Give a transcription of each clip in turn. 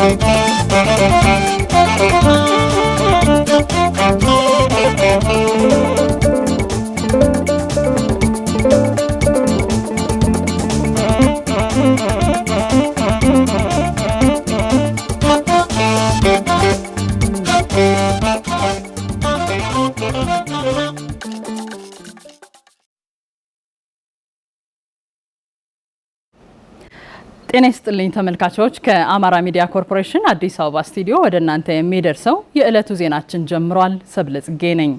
Thank you. ጤና ይስጥልኝ ተመልካቾች፣ ከአማራ ሚዲያ ኮርፖሬሽን አዲስ አበባ ስቱዲዮ ወደ እናንተ የሚደርሰው የዕለቱ ዜናችን ጀምሯል። ሰብለጽጌ ነኝ።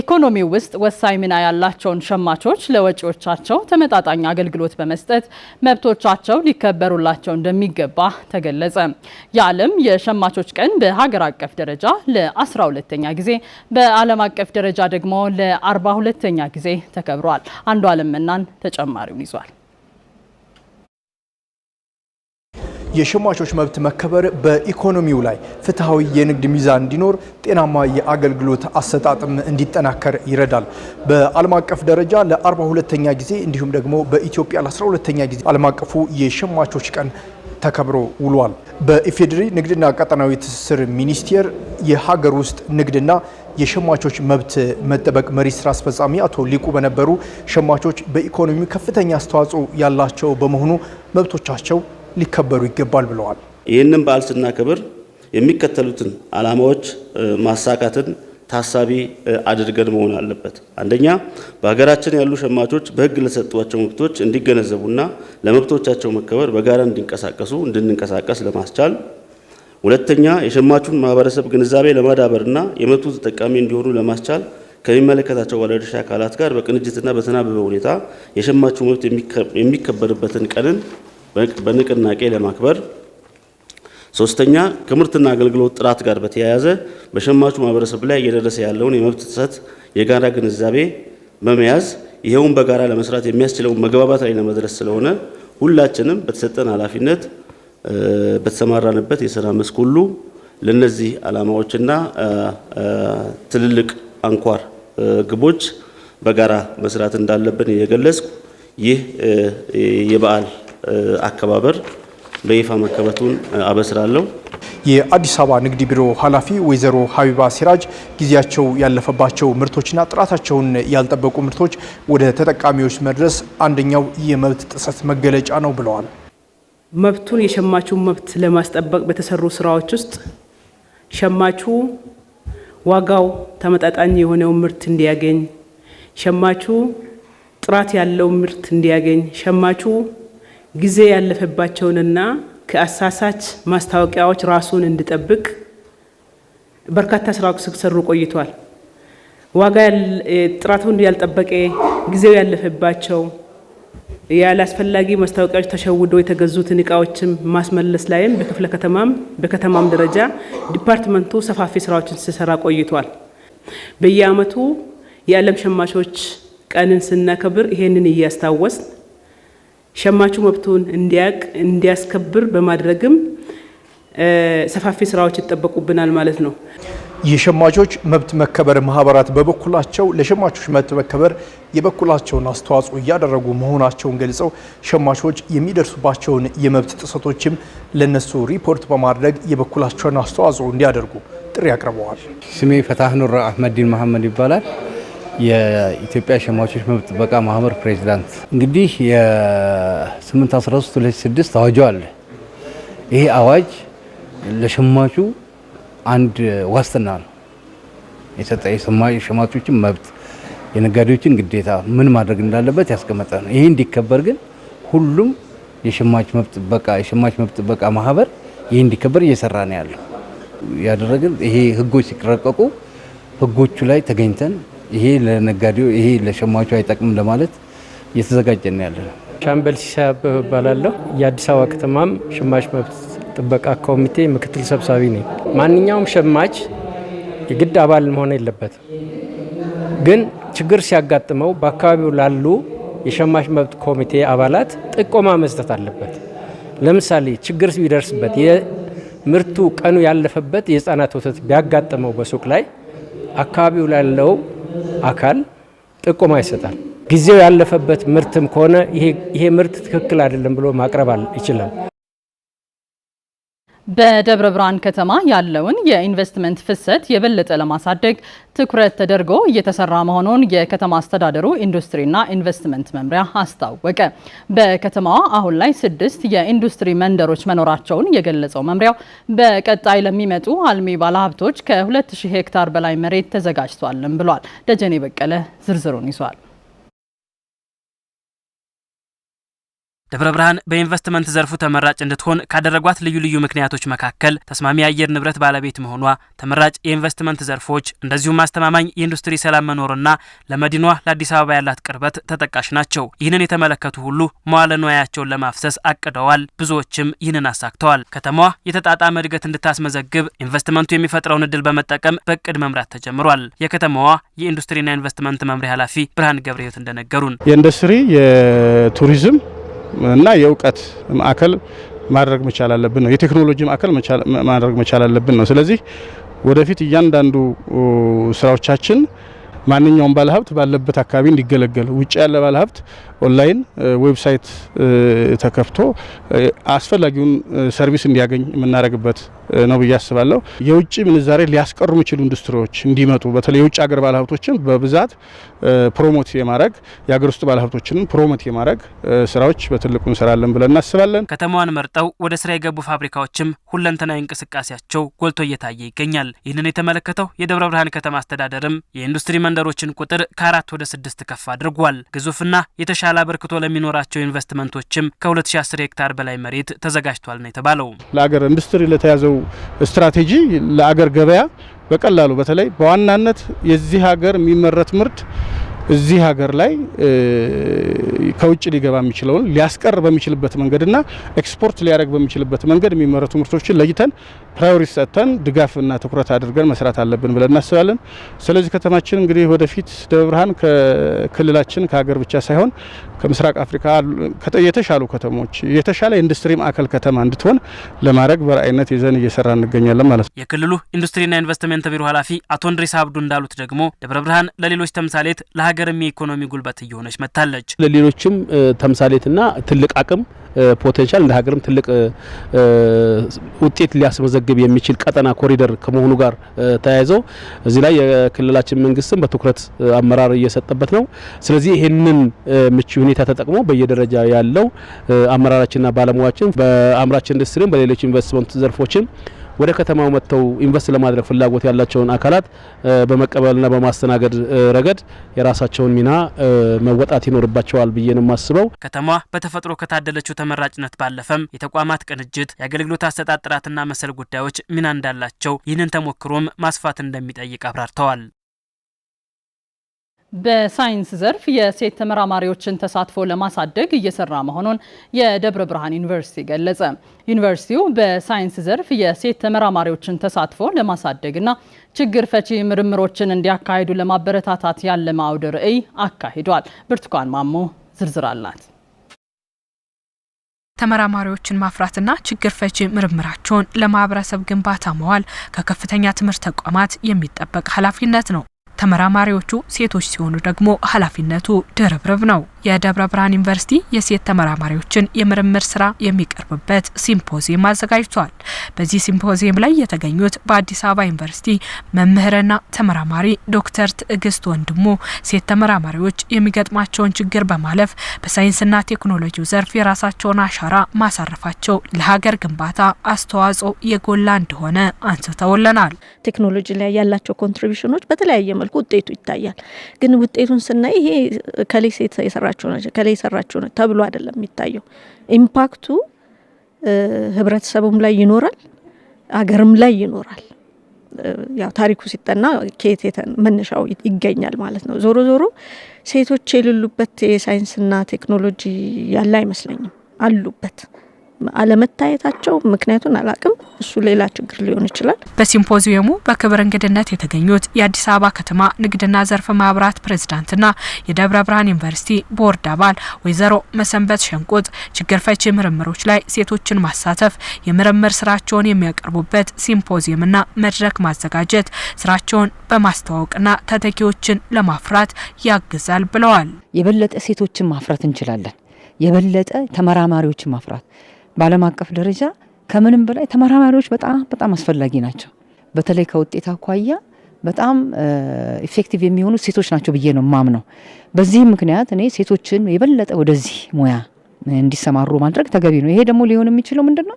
ኢኮኖሚው ውስጥ ወሳኝ ሚና ያላቸውን ሸማቾች ለወጪዎቻቸው ተመጣጣኝ አገልግሎት በመስጠት መብቶቻቸው ሊከበሩላቸው እንደሚገባ ተገለጸ። የዓለም የሸማቾች ቀን በሀገር አቀፍ ደረጃ ለ12ተኛ ጊዜ በዓለም አቀፍ ደረጃ ደግሞ ለ42ተኛ ጊዜ ተከብሯል። አንዱ አለም እናን ተጨማሪውን ይዟል። የሸማቾች መብት መከበር በኢኮኖሚው ላይ ፍትሐዊ የንግድ ሚዛን እንዲኖር፣ ጤናማ የአገልግሎት አሰጣጥም እንዲጠናከር ይረዳል። በዓለም አቀፍ ደረጃ ለ42ተኛ ጊዜ እንዲሁም ደግሞ በኢትዮጵያ ለ12ተኛ ጊዜ ዓለም አቀፉ የሸማቾች ቀን ተከብሮ ውሏል። በኢፌዴሪ ንግድና ቀጠናዊ ትስስር ሚኒስቴር የሀገር ውስጥ ንግድና የሸማቾች መብት መጠበቅ መሪ ስራ አስፈጻሚ አቶ ሊቁ በነበሩ ሸማቾች በኢኮኖሚ ከፍተኛ አስተዋጽኦ ያላቸው በመሆኑ መብቶቻቸው ሊከበሩ ይገባል ብለዋል። ይህንን በዓል ስናከብር የሚከተሉትን ዓላማዎች ማሳካትን ታሳቢ አድርገን መሆን አለበት። አንደኛ በሀገራችን ያሉ ሸማቾች በሕግ ለሰጧቸው መብቶች እንዲገነዘቡና ለመብቶቻቸው መከበር በጋራ እንዲንቀሳቀሱ እንድንንቀሳቀስ ለማስቻል ሁለተኛ የሸማቹን ማህበረሰብ ግንዛቤ ለማዳበርና የመብቱ ተጠቃሚ እንዲሆኑ ለማስቻል ከሚመለከታቸው ባለድርሻ አካላት ጋር በቅንጅትና በተናበበ ሁኔታ የሸማቹ መብት የሚከበርበትን ቀንን በንቅናቄ ለማክበር ሶስተኛ ከምርትና አገልግሎት ጥራት ጋር በተያያዘ በሸማቹ ማህበረሰብ ላይ እየደረሰ ያለውን የመብት ጥሰት የጋራ ግንዛቤ በመያዝ ይኸውን በጋራ ለመስራት የሚያስችለውን መግባባት ላይ ለመድረስ ስለሆነ ሁላችንም በተሰጠን ኃላፊነት በተሰማራንበት የስራ መስክ ሁሉ ለነዚህ ዓላማዎችና ትልልቅ አንኳር ግቦች በጋራ መስራት እንዳለብን እየገለጽኩ ይህ የበዓል አከባበር በይፋ መከበቱን አበስራለሁ። የአዲስ አበባ ንግድ ቢሮ ኃላፊ ወይዘሮ ሀቢባ ሲራጅ ጊዜያቸው ያለፈባቸው ምርቶችና ጥራታቸውን ያልጠበቁ ምርቶች ወደ ተጠቃሚዎች መድረስ አንደኛው የመብት ጥሰት መገለጫ ነው ብለዋል። መብቱን የሸማቹን መብት ለማስጠበቅ በተሰሩ ስራዎች ውስጥ ሸማቹ ዋጋው ተመጣጣኝ የሆነውን ምርት እንዲያገኝ፣ ሸማቹ ጥራት ያለው ምርት እንዲያገኝ፣ ሸማቹ ጊዜ ያለፈባቸውንና ከአሳሳች ማስታወቂያዎች ራሱን እንዲጠብቅ በርካታ ስራ ሲሰሩ ቆይቷል። ዋጋ ጥራቱን ያልጠበቀ ጊዜው ያለፈባቸው ያላስፈላጊ ማስታወቂያዎች ተሸውዶ የተገዙትን እቃዎችም ማስመለስ ላይም በክፍለ ከተማም በከተማም ደረጃ ዲፓርትመንቱ ሰፋፊ ስራዎችን ሲሰራ ቆይቷል። በየአመቱ የዓለም ሸማቾች ቀንን ስናከብር ይሄንን እያስታወስን ሸማቹ መብቱን እንዲያቅ እንዲያስከብር በማድረግም ሰፋፊ ስራዎች ይጠበቁብናል ማለት ነው። የሸማቾች መብት መከበር ማህበራት በበኩላቸው ለሸማቾች መብት መከበር የበኩላቸውን አስተዋጽኦ እያደረጉ መሆናቸውን ገልጸው ሸማቾች የሚደርሱባቸውን የመብት ጥሰቶችም ለነሱ ሪፖርት በማድረግ የበኩላቸውን አስተዋጽኦ እንዲያደርጉ ጥሪ አቅርበዋል። ስሜ ፈታህኑር አህመድዲን መሐመድ ይባላል። የኢትዮጵያ ሸማቾች መብት ጥበቃ ማህበር ፕሬዚዳንት። እንግዲህ የ813/2006 አዋጅ አለ። ይሄ አዋጅ ለሸማቹ አንድ ዋስትና ነው የሰጠ የሸማቾችን መብት የነጋዴዎችን ግዴታ ምን ማድረግ እንዳለበት ያስቀመጠ ነው። ይሄ እንዲከበር ግን ሁሉም የሸማች መብት ጥበቃ የሸማች መብት ጥበቃ ማህበር ይሄ እንዲከበር እየሰራ ነው ያለው ያደረግን ይሄ ህጎች ሲረቀቁ ህጎቹ ላይ ተገኝተን ይሄ ለነጋዴው፣ ይሄ ለሸማቹ አይጠቅም ለማለት እየተዘጋጀን ነው ሻምበል ሲሳብ እባላለሁ። የአዲስ አበባ ከተማም ሸማች መብት ጥበቃ ኮሚቴ ምክትል ሰብሳቢ ነኝ። ማንኛውም ሸማች የግድ አባል መሆን የለበትም። ግን ችግር ሲያጋጥመው በአካባቢው ላሉ የሸማች መብት ኮሚቴ አባላት ጥቆማ መስጠት አለበት። ለምሳሌ ችግር ቢደርስበት የምርቱ ቀኑ ያለፈበት የህፃናት ወተት ቢያጋጥመው በሱቅ ላይ አካባቢው ላለው አካል ጥቆማ ይሰጣል። ጊዜው ያለፈበት ምርትም ከሆነ ይሄ ምርት ትክክል አይደለም ብሎ ማቅረብ ይችላል። በደብረ ብርሃን ከተማ ያለውን የኢንቨስትመንት ፍሰት የበለጠ ለማሳደግ ትኩረት ተደርጎ እየተሰራ መሆኑን የከተማ አስተዳደሩ ኢንዱስትሪና ኢንቨስትመንት መምሪያ አስታወቀ። በከተማዋ አሁን ላይ ስድስት የኢንዱስትሪ መንደሮች መኖራቸውን የገለጸው መምሪያው በቀጣይ ለሚመጡ አልሚ ባለሀብቶች ከ2000 ሄክታር በላይ መሬት ተዘጋጅቷልም ብሏል። ደጀኔ በቀለ ዝርዝሩን ይዟል። ደብረ ብርሃን በኢንቨስትመንት ዘርፉ ተመራጭ እንድትሆን ካደረጓት ልዩ ልዩ ምክንያቶች መካከል ተስማሚ የአየር ንብረት ባለቤት መሆኗ፣ ተመራጭ የኢንቨስትመንት ዘርፎች፣ እንደዚሁም አስተማማኝ የኢንዱስትሪ ሰላም መኖርና ለመዲኗ ለአዲስ አበባ ያላት ቅርበት ተጠቃሽ ናቸው። ይህንን የተመለከቱ ሁሉ መዋለ ንዋያቸውን ለማፍሰስ አቅደዋል። ብዙዎችም ይህንን አሳክተዋል። ከተማዋ የተጣጣመ እድገት እንድታስመዘግብ ኢንቨስትመንቱ የሚፈጥረውን እድል በመጠቀም በእቅድ መምራት ተጀምሯል። የከተማዋ የኢንዱስትሪና ኢንቨስትመንት መምሪያ ኃላፊ ብርሃን ገብረህይወት እንደነገሩን የኢንዱስትሪ የቱሪዝም እና የእውቀት ማዕከል ማድረግ መቻል አለብን ነው። የቴክኖሎጂ ማዕከል ማድረግ መቻል አለብን ነው። ስለዚህ ወደፊት እያንዳንዱ ስራዎቻችን ማንኛውም ባለሀብት ባለበት አካባቢ እንዲገለገል ውጭ ያለ ባለሀብት ኦንላይን ዌብሳይት ተከፍቶ አስፈላጊውን ሰርቪስ እንዲያገኝ የምናደርግበት ነው ብዬ አስባለሁ። የውጭ ምንዛሬ ሊያስቀሩ የሚችሉ ኢንዱስትሪዎች እንዲመጡ በተለይ የውጭ ሀገር ባለሀብቶችን በብዛት ፕሮሞት የማድረግ የሀገር ውስጥ ባለሀብቶችንም ፕሮሞት የማድረግ ስራዎች በትልቁ እንሰራለን ብለን እናስባለን። ከተማዋን መርጠው ወደ ስራ የገቡ ፋብሪካዎችም ሁለንተናዊ እንቅስቃሴያቸው ጎልቶ እየታየ ይገኛል። ይህንን የተመለከተው የደብረ ብርሃን ከተማ አስተዳደርም የኢንዱስትሪ መንደሮችን ቁጥር ከአራት ወደ ስድስት ከፍ አድርጓል። ግዙፍና የተሻ የካፒታል አበርክቶ ለሚኖራቸው ኢንቨስትመንቶችም ከ2010 ሄክታር በላይ መሬት ተዘጋጅቷል ነው የተባለው። ለአገር ኢንዱስትሪ ለተያዘው ስትራቴጂ ለአገር ገበያ በቀላሉ በተለይ በዋናነት የዚህ ሀገር የሚመረት ምርት እዚህ ሀገር ላይ ከውጭ ሊገባ የሚችለውን ሊያስቀር በሚችልበት መንገድና ኤክስፖርት ሊያደርግ በሚችልበት መንገድ የሚመረቱ ምርቶችን ለይተን ፕራዮሪቲ ሰጥተን ድጋፍና ትኩረት አድርገን መስራት አለብን ብለን እናስባለን። ስለዚህ ከተማችን እንግዲህ ወደፊት ደብረ ብርሃን ከክልላችን ከሀገር ብቻ ሳይሆን ከምስራቅ አፍሪካ የተሻሉ ከተሞች የተሻለ ኢንዱስትሪ ማዕከል ከተማ እንድትሆን ለማድረግ በራዕይነት ይዘን እየሰራ እንገኛለን ማለት ነው። የክልሉ ኢንዱስትሪና ኢንቨስትመንት ቢሮ ኃላፊ አቶ እንድሪስ አብዱ እንዳሉት ደግሞ ደብረ ብርሃን ለሌሎች ተምሳሌት ለሀገር ሀገርም የኢኮኖሚ ጉልበት እየሆነች መጥታለች። ለሌሎችም ተምሳሌትና ትልቅ አቅም ፖቴንሻል እንደ ሀገርም ትልቅ ውጤት ሊያስመዘግብ የሚችል ቀጠና ኮሪደር ከመሆኑ ጋር ተያይዘው እዚህ ላይ የክልላችን መንግስትም በትኩረት አመራር እየሰጠበት ነው። ስለዚህ ይህንን ምቹ ሁኔታ ተጠቅሞ በየደረጃ ያለው አመራራችንና ባለሙያችን በአምራች ኢንዱስትሪም በሌሎች ኢንቨስትመንት ዘርፎችም ወደ ከተማው መጥተው ኢንቨስት ለማድረግ ፍላጎት ያላቸውን አካላት በመቀበልና በማስተናገድ ረገድ የራሳቸውን ሚና መወጣት ይኖርባቸዋል ብዬ ነው የማስበው። ከተማዋ በተፈጥሮ ከታደለችው ተመራጭነት ባለፈም የተቋማት ቅንጅት፣ የአገልግሎት አሰጣጥ ጥራትና መሰል ጉዳዮች ሚና እንዳላቸው ይህንን ተሞክሮም ማስፋት እንደሚጠይቅ አብራርተዋል። በሳይንስ ዘርፍ የሴት ተመራማሪዎችን ተሳትፎ ለማሳደግ እየሰራ መሆኑን የደብረ ብርሃን ዩኒቨርሲቲ ገለጸ። ዩኒቨርሲቲው በሳይንስ ዘርፍ የሴት ተመራማሪዎችን ተሳትፎ ለማሳደግና ችግር ፈቺ ምርምሮችን እንዲያካሂዱ ለማበረታታት ያለመ አውደ ርዕይ አካሂዷል። ብርቱካን ማሞ ዝርዝር አላት። ተመራማሪዎችን ማፍራትና ችግር ፈቺ ምርምራቸውን ለማህበረሰብ ግንባታ መዋል ከከፍተኛ ትምህርት ተቋማት የሚጠበቅ ኃላፊነት ነው። ተመራማሪዎቹ ሴቶች ሲሆኑ ደግሞ ኃላፊነቱ ድርብርብ ነው። የደብረ ብርሃን ዩኒቨርሲቲ የሴት ተመራማሪዎችን የምርምር ስራ የሚቀርብበት ሲምፖዚየም አዘጋጅቷል። በዚህ ሲምፖዚየም ላይ የተገኙት በአዲስ አበባ ዩኒቨርሲቲ መምህርና ተመራማሪ ዶክተር ትዕግስት ወንድሙ ሴት ተመራማሪዎች የሚገጥማቸውን ችግር በማለፍ በሳይንስና ቴክኖሎጂው ዘርፍ የራሳቸውን አሻራ ማሳረፋቸው ለሀገር ግንባታ አስተዋጽኦ የጎላ እንደሆነ አንስተውለናል። ቴክኖሎጂ ላይ ያላቸው ኮንትሪቢሽኖች በተለያየ መልኩ ውጤቱ ይታያል። ግን ውጤቱን ስናይ ይሄ ከሌ ሴት የሰራ የሰራቸው ናቸው ከላይ የሰራቸው ነው ተብሎ አይደለም የሚታየው። ኢምፓክቱ ህብረተሰቡም ላይ ይኖራል፣ አገርም ላይ ይኖራል። ያው ታሪኩ ሲጠና ከየት መነሻው ይገኛል ማለት ነው። ዞሮ ዞሮ ሴቶች የሌሉበት የሳይንስና ቴክኖሎጂ ያለ አይመስለኝም፣ አሉበት። አለመታየታቸው ምክንያቱን አላቅም። እሱ ሌላ ችግር ሊሆን ይችላል። በሲምፖዚየሙ በክብር እንግድነት የተገኙት የአዲስ አበባ ከተማ ንግድና ዘርፍ ማህበራት ፕሬዝዳንትና የደብረ ብርሃን ዩኒቨርሲቲ ቦርድ አባል ወይዘሮ መሰንበት ሸንቁጥ ችግር ፈቺ ምርምሮች ላይ ሴቶችን ማሳተፍ፣ የምርምር ስራቸውን የሚያቀርቡበት ሲምፖዚየምና መድረክ ማዘጋጀት ስራቸውን በማስተዋወቅና ተተኪዎችን ለማፍራት ያግዛል ብለዋል። የበለጠ ሴቶችን ማፍራት እንችላለን። የበለጠ ተመራማሪዎችን ማፍራት በዓለም አቀፍ ደረጃ ከምንም በላይ ተመራማሪዎች በጣም በጣም አስፈላጊ ናቸው። በተለይ ከውጤት አኳያ በጣም ኢፌክቲቭ የሚሆኑ ሴቶች ናቸው ብዬ ነው ማምነው። በዚህ ምክንያት እኔ ሴቶችን የበለጠ ወደዚህ ሙያ እንዲሰማሩ ማድረግ ተገቢ ነው። ይሄ ደግሞ ሊሆን የሚችለው ምንድን ነው?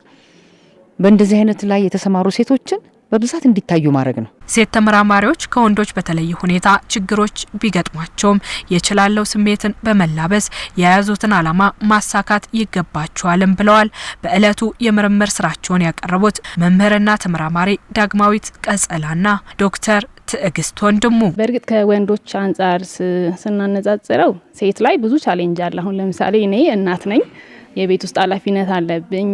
በእንደዚህ አይነት ላይ የተሰማሩ ሴቶችን በብዛት እንዲታዩ ማድረግ ነው። ሴት ተመራማሪዎች ከወንዶች በተለየ ሁኔታ ችግሮች ቢገጥሟቸውም የችላለው ስሜትን በመላበስ የያዙትን ዓላማ ማሳካት ይገባቸዋልም ብለዋል። በእለቱ የምርምር ስራቸውን ያቀረቡት መምህርና ተመራማሪ ዳግማዊት ቀጸላና ዶክተር ትዕግስት ወንድሙ በእርግጥ ከወንዶች አንጻር ስናነጻጽረው ሴት ላይ ብዙ ቻሌንጅ አለ። አሁን ለምሳሌ እኔ እናት ነኝ የቤት ውስጥ ኃላፊነት አለብኝ።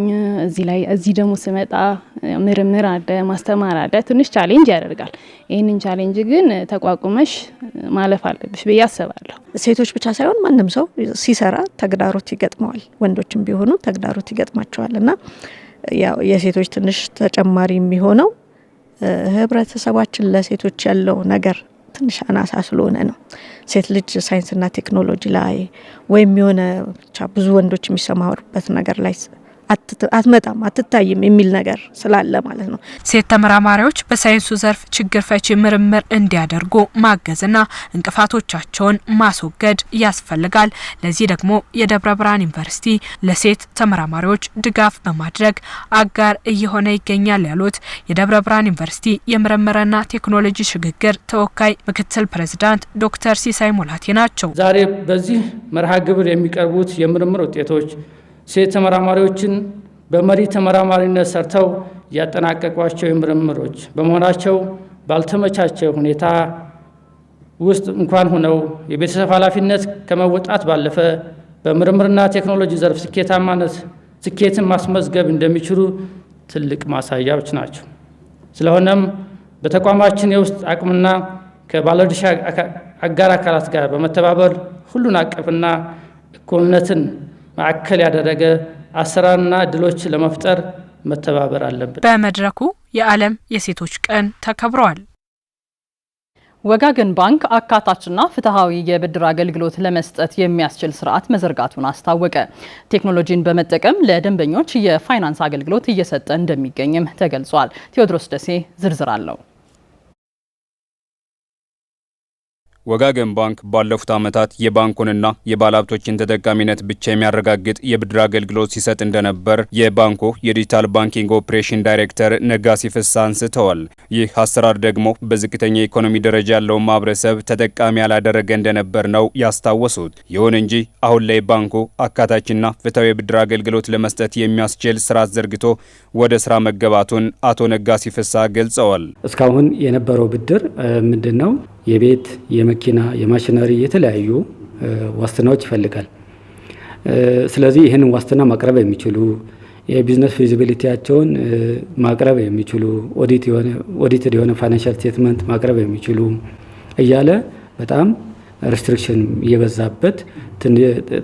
እዚህ ላይ እዚህ ደግሞ ስመጣ ምርምር አለ፣ ማስተማር አለ። ትንሽ ቻሌንጅ ያደርጋል። ይህንን ቻሌንጅ ግን ተቋቁመሽ ማለፍ አለብሽ ብዬ አስባለሁ። ሴቶች ብቻ ሳይሆን ማንም ሰው ሲሰራ ተግዳሮት ይገጥመዋል። ወንዶችም ቢሆኑ ተግዳሮት ይገጥማቸዋል እና ያው የሴቶች ትንሽ ተጨማሪ የሚሆነው ህብረተሰባችን ለሴቶች ያለው ነገር ትንሽ አናሳ ስለሆነ ነው። ሴት ልጅ ሳይንስና ቴክኖሎጂ ላይ ወይም የሆነ ብቻ ብዙ ወንዶች የሚሰማሩበት ነገር ላይ አትመጣም አትታይም የሚል ነገር ስላለ ማለት ነው። ሴት ተመራማሪዎች በሳይንሱ ዘርፍ ችግር ፈቺ ምርምር እንዲያደርጉ ማገዝና እንቅፋቶቻቸውን ማስወገድ ያስፈልጋል። ለዚህ ደግሞ የደብረ ብርሃን ዩኒቨርሲቲ ለሴት ተመራማሪዎች ድጋፍ በማድረግ አጋር እየሆነ ይገኛል ያሉት የደብረ ብርሃን ዩኒቨርሲቲ የምርምርና ቴክኖሎጂ ሽግግር ተወካይ ምክትል ፕሬዚዳንት ዶክተር ሲሳይ ሙላቴ ናቸው። ዛሬ በዚህ መርሃ ግብር የሚቀርቡት የምርምር ውጤቶች ሴት ተመራማሪዎችን በመሪ ተመራማሪነት ሰርተው ያጠናቀቋቸው ምርምሮች በመሆናቸው ባልተመቻቸ ሁኔታ ውስጥ እንኳን ሆነው የቤተሰብ ኃላፊነት ከመወጣት ባለፈ በምርምርና ቴክኖሎጂ ዘርፍ ስኬታማነት ስኬትን ማስመዝገብ እንደሚችሉ ትልቅ ማሳያዎች ናቸው። ስለሆነም በተቋማችን የውስጥ አቅምና ከባለድርሻ አጋር አካላት ጋር በመተባበር ሁሉን አቀፍና እኩልነትን ማዕከል ያደረገ አሰራርና እድሎች ለመፍጠር መተባበር አለብን። በመድረኩ የዓለም የሴቶች ቀን ተከብረዋል። ወጋገን ባንክ አካታችና ፍትሐዊ የብድር አገልግሎት ለመስጠት የሚያስችል ስርዓት መዘርጋቱን አስታወቀ። ቴክኖሎጂን በመጠቀም ለደንበኞች የፋይናንስ አገልግሎት እየሰጠ እንደሚገኝም ተገልጿል። ቴዎድሮስ ደሴ ዝርዝር አለው። ወጋገን ባንክ ባለፉት ዓመታት የባንኩንና የባለሀብቶችን ተጠቃሚነት ብቻ የሚያረጋግጥ የብድር አገልግሎት ሲሰጥ እንደነበር የባንኩ የዲጂታል ባንኪንግ ኦፕሬሽን ዳይሬክተር ነጋሲ ፍሳ አንስተዋል። ይህ አሰራር ደግሞ በዝቅተኛ የኢኮኖሚ ደረጃ ያለውን ማህበረሰብ ተጠቃሚ ያላደረገ እንደነበር ነው ያስታወሱት። ይሁን እንጂ አሁን ላይ ባንኩ አካታችና ፍትሐዊ የብድር አገልግሎት ለመስጠት የሚያስችል ስርዓት ዘርግቶ ወደ ስራ መገባቱን አቶ ነጋሲ ፍሳ ገልጸዋል። እስካሁን የነበረው ብድር ምንድን ነው? የቤት፣ የመኪና፣ የማሽነሪ የተለያዩ ዋስትናዎች ይፈልጋል። ስለዚህ ይህንን ዋስትና ማቅረብ የሚችሉ የቢዝነስ ፊዚቢሊቲያቸውን ማቅረብ የሚችሉ ኦዲትድ የሆነ ፋይናንሻል ስቴትመንት ማቅረብ የሚችሉ እያለ በጣም ሪስትሪክሽን እየበዛበት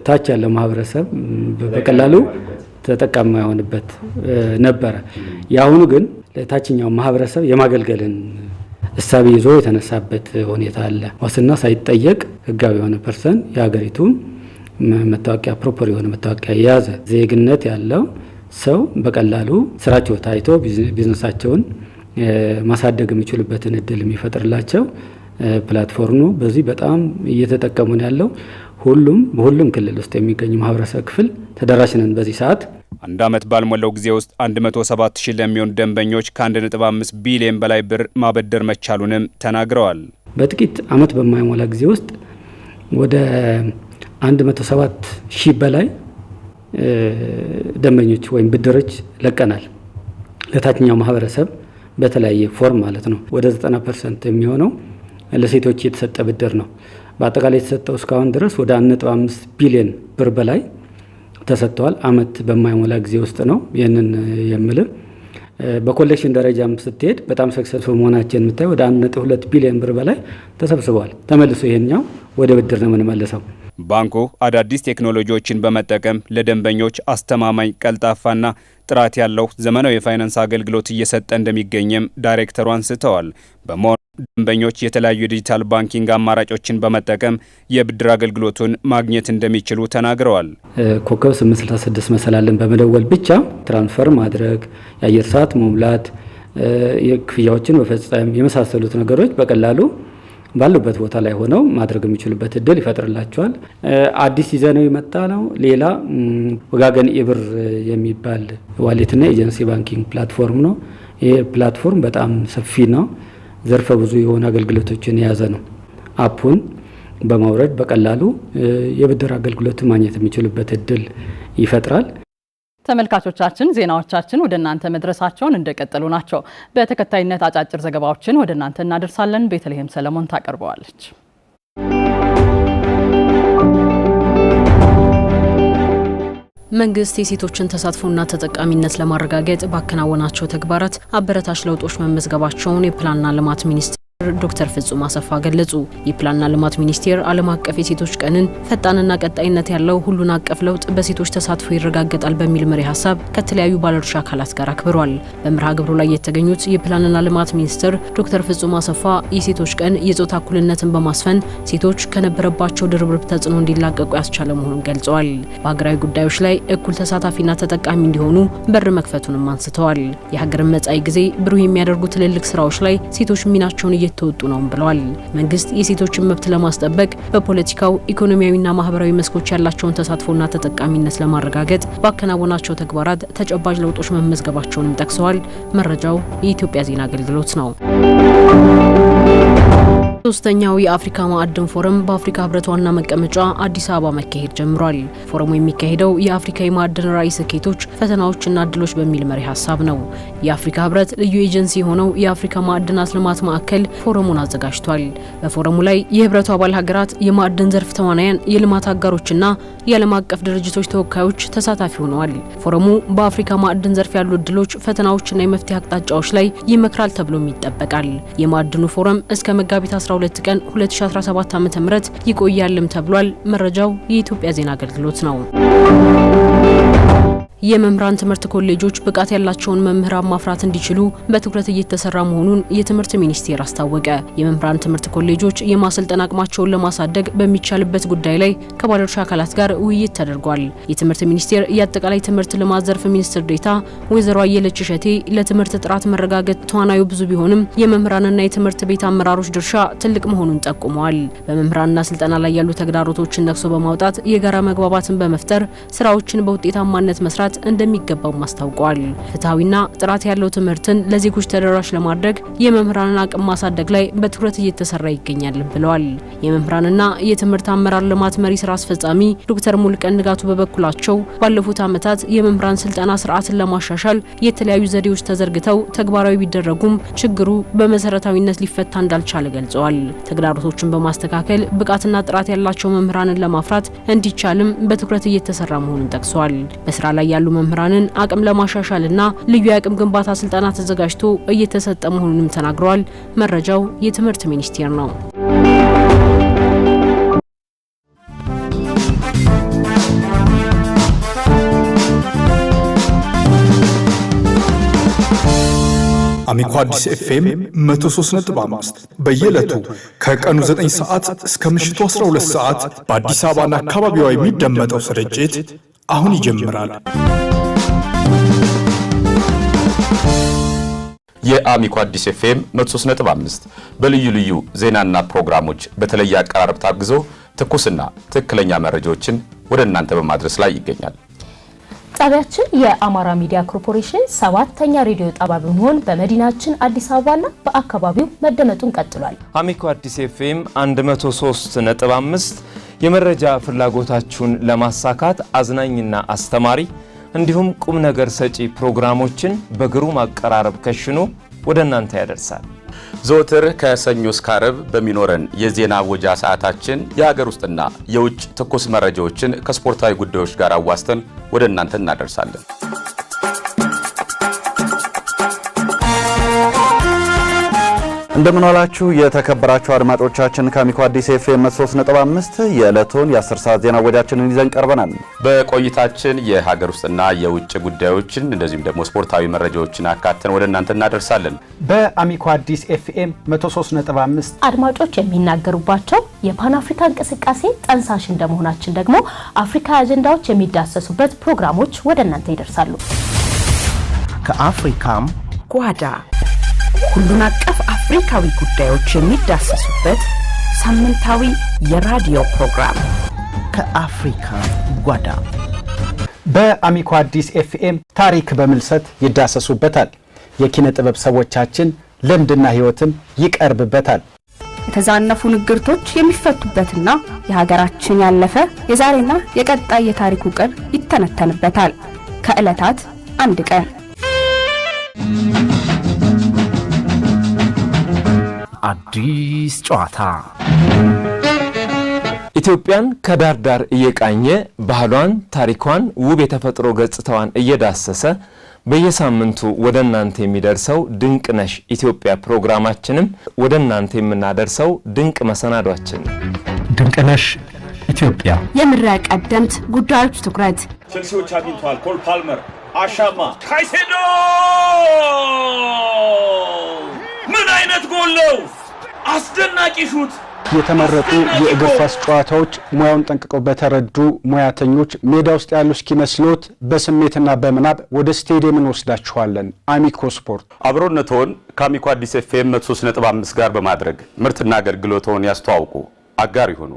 ታች ያለው ማህበረሰብ በቀላሉ ተጠቃሚ የሆንበት ነበረ። የአሁኑ ግን ለታችኛው ማህበረሰብ የማገልገልን እሳቤ ይዞ የተነሳበት ሁኔታ አለ። ዋስትና ሳይጠየቅ ህጋዊ የሆነ ፐርሰን የሀገሪቱን መታወቂያ ፕሮፐር የሆነ መታወቂያ የያዘ ዜግነት ያለው ሰው በቀላሉ ስራቸው ታይቶ ቢዝነሳቸውን ማሳደግ የሚችሉበትን እድል የሚፈጥርላቸው ፕላትፎርም በዚህ በጣም እየተጠቀሙን ያለው ሁሉም በሁሉም ክልል ውስጥ የሚገኙ ማህበረሰብ ክፍል ተደራሽ ነን በዚህ ሰዓት አንድ ዓመት ባልሞላው ጊዜ ውስጥ 107 ሺህ ለሚሆኑ ደንበኞች ከ1.5 ቢሊዮን በላይ ብር ማበደር መቻሉንም ተናግረዋል። በጥቂት ዓመት በማይሞላ ጊዜ ውስጥ ወደ 107 ሺህ በላይ ደንበኞች ወይም ብድሮች ለቀናል። ለታችኛው ማህበረሰብ በተለያየ ፎርም ማለት ነው። ወደ 90 ፐርሰንት የሚሆነው ለሴቶች የተሰጠ ብድር ነው። በአጠቃላይ የተሰጠው እስካሁን ድረስ ወደ 1.5 ቢሊዮን ብር በላይ ተሰጥተዋል። አመት በማይሞላ ጊዜ ውስጥ ነው ይህንን የምልም በኮሌክሽን ደረጃም ስትሄድ በጣም ሰክሰስፉል መሆናችን የምታይ ወደ አንድ ሁለት ቢሊዮን ብር በላይ ተሰብስበዋል። ተመልሶ ይሄኛው ወደ ብድር ነው የምንመልሰው። ባንኩ አዳዲስ ቴክኖሎጂዎችን በመጠቀም ለደንበኞች አስተማማኝ፣ ቀልጣፋና ጥራት ያለው ዘመናዊ የፋይናንስ አገልግሎት እየሰጠ እንደሚገኝም ዳይሬክተሩ አንስተዋል። በመሆኑ ደንበኞች የተለያዩ የዲጂታል ባንኪንግ አማራጮችን በመጠቀም የብድር አገልግሎቱን ማግኘት እንደሚችሉ ተናግረዋል። ኮከብ 866 መሰላልን በመደወል ብቻ ትራንስፈር ማድረግ፣ የአየር ሰዓት መሙላት፣ ክፍያዎችን መፈጸም የመሳሰሉት ነገሮች በቀላሉ ባሉበት ቦታ ላይ ሆነው ማድረግ የሚችሉበት እድል ይፈጥርላቸዋል። አዲስ ይዘነው የመጣ ነው። ሌላ ወጋገን ኢብር የሚባል ዋሌትና ኤጀንሲ ባንኪንግ ፕላትፎርም ነው። ይህ ፕላትፎርም በጣም ሰፊ ነው። ዘርፈ ብዙ የሆነ አገልግሎቶችን የያዘ ነው። አፑን በማውረድ በቀላሉ የብድር አገልግሎት ማግኘት የሚችሉበት እድል ይፈጥራል። ተመልካቾቻችን ዜናዎቻችን ወደ እናንተ መድረሳቸውን እንደቀጠሉ ናቸው። በተከታይነት አጫጭር ዘገባዎችን ወደ እናንተ እናደርሳለን። ቤተልሔም ሰለሞን ታቀርበዋለች። መንግስት የሴቶችን ተሳትፎና ተጠቃሚነት ለማረጋገጥ ባከናወናቸው ተግባራት አበረታች ለውጦች መመዝገባቸውን የፕላንና ልማት ሚኒስትር ዶክተር ፍጹም አሰፋ ገለጹ። የፕላንና ልማት ሚኒስቴር ዓለም አቀፍ የሴቶች ቀንን ፈጣንና ቀጣይነት ያለው ሁሉን አቀፍ ለውጥ በሴቶች ተሳትፎ ይረጋገጣል በሚል መሪ ሀሳብ ከተለያዩ ባለድርሻ አካላት ጋር አክብሯል። በመርሃ ግብሩ ላይ የተገኙት የፕላንና ልማት ሚኒስትር ዶክተር ፍጹም አሰፋ የሴቶች ቀን የጾታ እኩልነትን በማስፈን ሴቶች ከነበረባቸው ድርብርብ ተጽዕኖ እንዲላቀቁ ያስቻለ መሆኑን ገልጸዋል። በሀገራዊ ጉዳዮች ላይ እኩል ተሳታፊና ተጠቃሚ እንዲሆኑ በር መክፈቱንም አንስተዋል። የሀገርን መጻኢ ጊዜ ብሩህ የሚያደርጉ ትልልቅ ስራዎች ላይ ሴቶች ሚናቸውን እየተወጡ ነው ብለዋል። መንግስት የሴቶችን መብት ለማስጠበቅ በፖለቲካው ኢኮኖሚያዊና ማህበራዊ መስኮች ያላቸውን ተሳትፎና ተጠቃሚነት ለማረጋገጥ ባከናወናቸው ተግባራት ተጨባጭ ለውጦች መመዝገባቸውንም ጠቅሰዋል። መረጃው የኢትዮጵያ ዜና አገልግሎት ነው። ሶስተኛው የአፍሪካ ማዕድን ፎረም በአፍሪካ ህብረት ዋና መቀመጫ አዲስ አበባ መካሄድ ጀምሯል። ፎረሙ የሚካሄደው የአፍሪካ የማዕድን ራዕይ ስኬቶች፣ ፈተናዎችና እድሎች በሚል መሪ ሀሳብ ነው። የአፍሪካ ህብረት ልዩ ኤጀንሲ የሆነው የአፍሪካ ማዕድናት ልማት ማዕከል ፎረሙን አዘጋጅቷል። በፎረሙ ላይ የህብረቱ አባል ሀገራት፣ የማዕድን ዘርፍ ተዋናያን፣ የልማት አጋሮችና የዓለም አቀፍ ድርጅቶች ተወካዮች ተሳታፊ ሆነዋል። ፎረሙ በአፍሪካ ማዕድን ዘርፍ ያሉ እድሎች፣ ፈተናዎችና የመፍትሄ አቅጣጫዎች ላይ ይመክራል ተብሎም ይጠበቃል። የማዕድኑ ፎረም እስከ መጋቢት 12 ቀን 2017 ዓ.ም ይቆያልም ተብሏል። መረጃው የኢትዮጵያ ዜና አገልግሎት ነው። የመምህራን ትምህርት ኮሌጆች ብቃት ያላቸውን መምህራን ማፍራት እንዲችሉ በትኩረት እየተሰራ መሆኑን የትምህርት ሚኒስቴር አስታወቀ። የመምህራን ትምህርት ኮሌጆች የማሰልጠን አቅማቸውን ለማሳደግ በሚቻልበት ጉዳይ ላይ ከባለድርሻ አካላት ጋር ውይይት ተደርጓል። የትምህርት ሚኒስቴር የአጠቃላይ ትምህርት ልማት ዘርፍ ሚኒስትር ዴታ ወይዘሮ አየለች እሸቴ ለትምህርት ጥራት መረጋገጥ ተዋናዩ ብዙ ቢሆንም የመምህራንና የትምህርት ቤት አመራሮች ድርሻ ትልቅ መሆኑን ጠቁመዋል። በመምህራንና ስልጠና ላይ ያሉ ተግዳሮቶችን ነቅሶ በማውጣት የጋራ መግባባትን በመፍጠር ስራዎችን በውጤታማነት መስራት መስራት እንደሚገባውም አስታውቋል። ፍትሐዊና ጥራት ያለው ትምህርትን ለዜጎች ተደራሽ ለማድረግ የመምህራንን አቅም ማሳደግ ላይ በትኩረት እየተሰራ ይገኛል ብለዋል። የመምህራንና የትምህርት አመራር ልማት መሪ ስራ አስፈጻሚ ዶክተር ሙልቀን ንጋቱ በበኩላቸው ባለፉት ዓመታት የመምህራን ስልጠና ስርዓትን ለማሻሻል የተለያዩ ዘዴዎች ተዘርግተው ተግባራዊ ቢደረጉም ችግሩ በመሰረታዊነት ሊፈታ እንዳልቻለ ገልጸዋል። ተግዳሮቶችን በማስተካከል ብቃትና ጥራት ያላቸው መምህራንን ለማፍራት እንዲቻልም በትኩረት እየተሰራ መሆኑን ጠቅሰዋል። በስራ ላይ ያሉ መምህራንን አቅም ለማሻሻልና ልዩ የአቅም ግንባታ ስልጠና ተዘጋጅቶ እየተሰጠ መሆኑንም ተናግረዋል። መረጃው የትምህርት ሚኒስቴር ነው። አሚኮ አዲስ ኤፍኤም 135 በየዕለቱ ከቀኑ 9 ሰዓት እስከ ምሽቱ 12 ሰዓት በአዲስ አበባና አካባቢዋ የሚደመጠው ስርጭት አሁን ይጀምራል። የአሚኮ አዲስ ኤፍኤም 103.5 በልዩ ልዩ ዜናና ፕሮግራሞች በተለየ አቀራረብ ታግዞ ትኩስና ትክክለኛ መረጃዎችን ወደ እናንተ በማድረስ ላይ ይገኛል። ጣቢያችን የአማራ ሚዲያ ኮርፖሬሽን ሰባተኛ ሬዲዮ ጣቢያ በመሆን በመዲናችን አዲስ አበባና በአካባቢው መደመጡን ቀጥሏል። አሚኮ አዲስ ኤፍኤም 103.5 የመረጃ ፍላጎታችሁን ለማሳካት አዝናኝና አስተማሪ እንዲሁም ቁም ነገር ሰጪ ፕሮግራሞችን በግሩም አቀራረብ ከሽኑ ወደ እናንተ ያደርሳል። ዘወትር ከሰኞ እስከ በሚኖረን የዜና ወጃ ሰዓታችን የሀገር ውስጥና የውጭ ትኩስ መረጃዎችን ከስፖርታዊ ጉዳዮች ጋር አዋስተን ወደ እናንተ እናደርሳለን። እንደምንዋላችሁ የተከበራችሁ አድማጮቻችን ከአሚኮ አዲስ ኤፍኤም 35 የዕለቱን የ10 ሰዓት ዜና ወዳችንን ይዘን ቀርበናል። በቆይታችን የሀገር ውስጥና የውጭ ጉዳዮችን እንደዚሁም ደግሞ ስፖርታዊ መረጃዎችን አካተን ወደ እናንተ እናደርሳለን። በአሚኮ አዲስ ኤፍኤም 135 አድማጮች የሚናገሩባቸው የፓን አፍሪካ እንቅስቃሴ ጠንሳሽ እንደመሆናችን ደግሞ አፍሪካ አጀንዳዎች የሚዳሰሱበት ፕሮግራሞች ወደ እናንተ ይደርሳሉ። ከአፍሪካም ጓዳ ሁሉን አቀፍ አፍሪካዊ ጉዳዮች የሚዳሰሱበት ሳምንታዊ የራዲዮ ፕሮግራም ከአፍሪካ ጓዳ በአሚኮ አዲስ ኤፍኤም ታሪክ በምልሰት ይዳሰሱበታል። የኪነ ጥበብ ሰዎቻችን ልምድና ሕይወትም ይቀርብበታል። የተዛነፉ ንግርቶች የሚፈቱበትና የሀገራችን ያለፈ የዛሬና የቀጣይ የታሪክ ውቅር ይተነተንበታል። ከዕለታት አንድ ቀን አዲስ ጨዋታ ኢትዮጵያን ከዳር ዳር እየቃኘ ባህሏን፣ ታሪኳን፣ ውብ የተፈጥሮ ገጽታዋን እየዳሰሰ በየሳምንቱ ወደ እናንተ የሚደርሰው ድንቅ ነሽ ኢትዮጵያ ፕሮግራማችንም ወደ እናንተ የምናደርሰው ድንቅ መሰናዷችን ድንቅ ነሽ ኢትዮጵያ የምድረ ቀደምት ጉዳዮች ትኩረት ቸልሲዎች አግኝተዋል። ኮል ፓልመር፣ አሻማ፣ ካይሴዶ ምን አይነት ጎል ነው! አስደናቂ ሹት! የተመረጡ የእግር ኳስ ጨዋታዎች ሙያውን ጠንቅቀው በተረዱ ሙያተኞች ሜዳ ውስጥ ያሉ እስኪመስሎት በስሜትና በምናብ ወደ ስቴዲየም እንወስዳችኋለን። አሚኮ ስፖርት አብሮነትዎን ከአሚኮ አዲስ ኤፍኤም 103.5 ጋር በማድረግ ምርትና አገልግሎትዎን ያስተዋውቁ፣ አጋር ይሁኑ።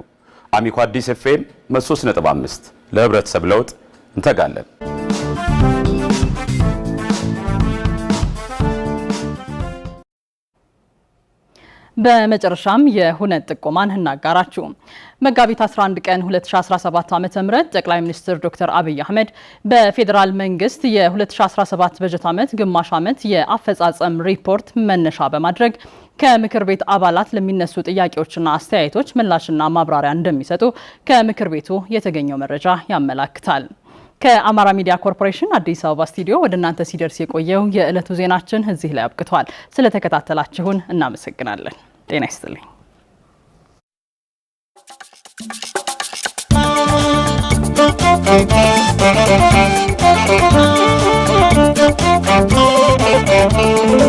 አሚኮ አዲስ ኤፍኤም 103.5 ለህብረተሰብ ለውጥ እንተጋለን። በመጨረሻም የሁነት ጥቆማን እናጋራችሁ። መጋቢት 11 ቀን 2017 ዓ.ም ጠቅላይ ሚኒስትር ዶክተር አብይ አህመድ በፌዴራል መንግስት የ2017 በጀት ዓመት ግማሽ ዓመት የአፈጻጸም ሪፖርት መነሻ በማድረግ ከምክር ቤት አባላት ለሚነሱ ጥያቄዎችና አስተያየቶች ምላሽና ማብራሪያ እንደሚሰጡ ከምክር ቤቱ የተገኘው መረጃ ያመላክታል። ከአማራ ሚዲያ ኮርፖሬሽን አዲስ አበባ ስቱዲዮ ወደ እናንተ ሲደርስ የቆየው የዕለቱ ዜናችን እዚህ ላይ አብቅቷል። ስለተከታተላችሁን እናመሰግናለን። Tienes este Thank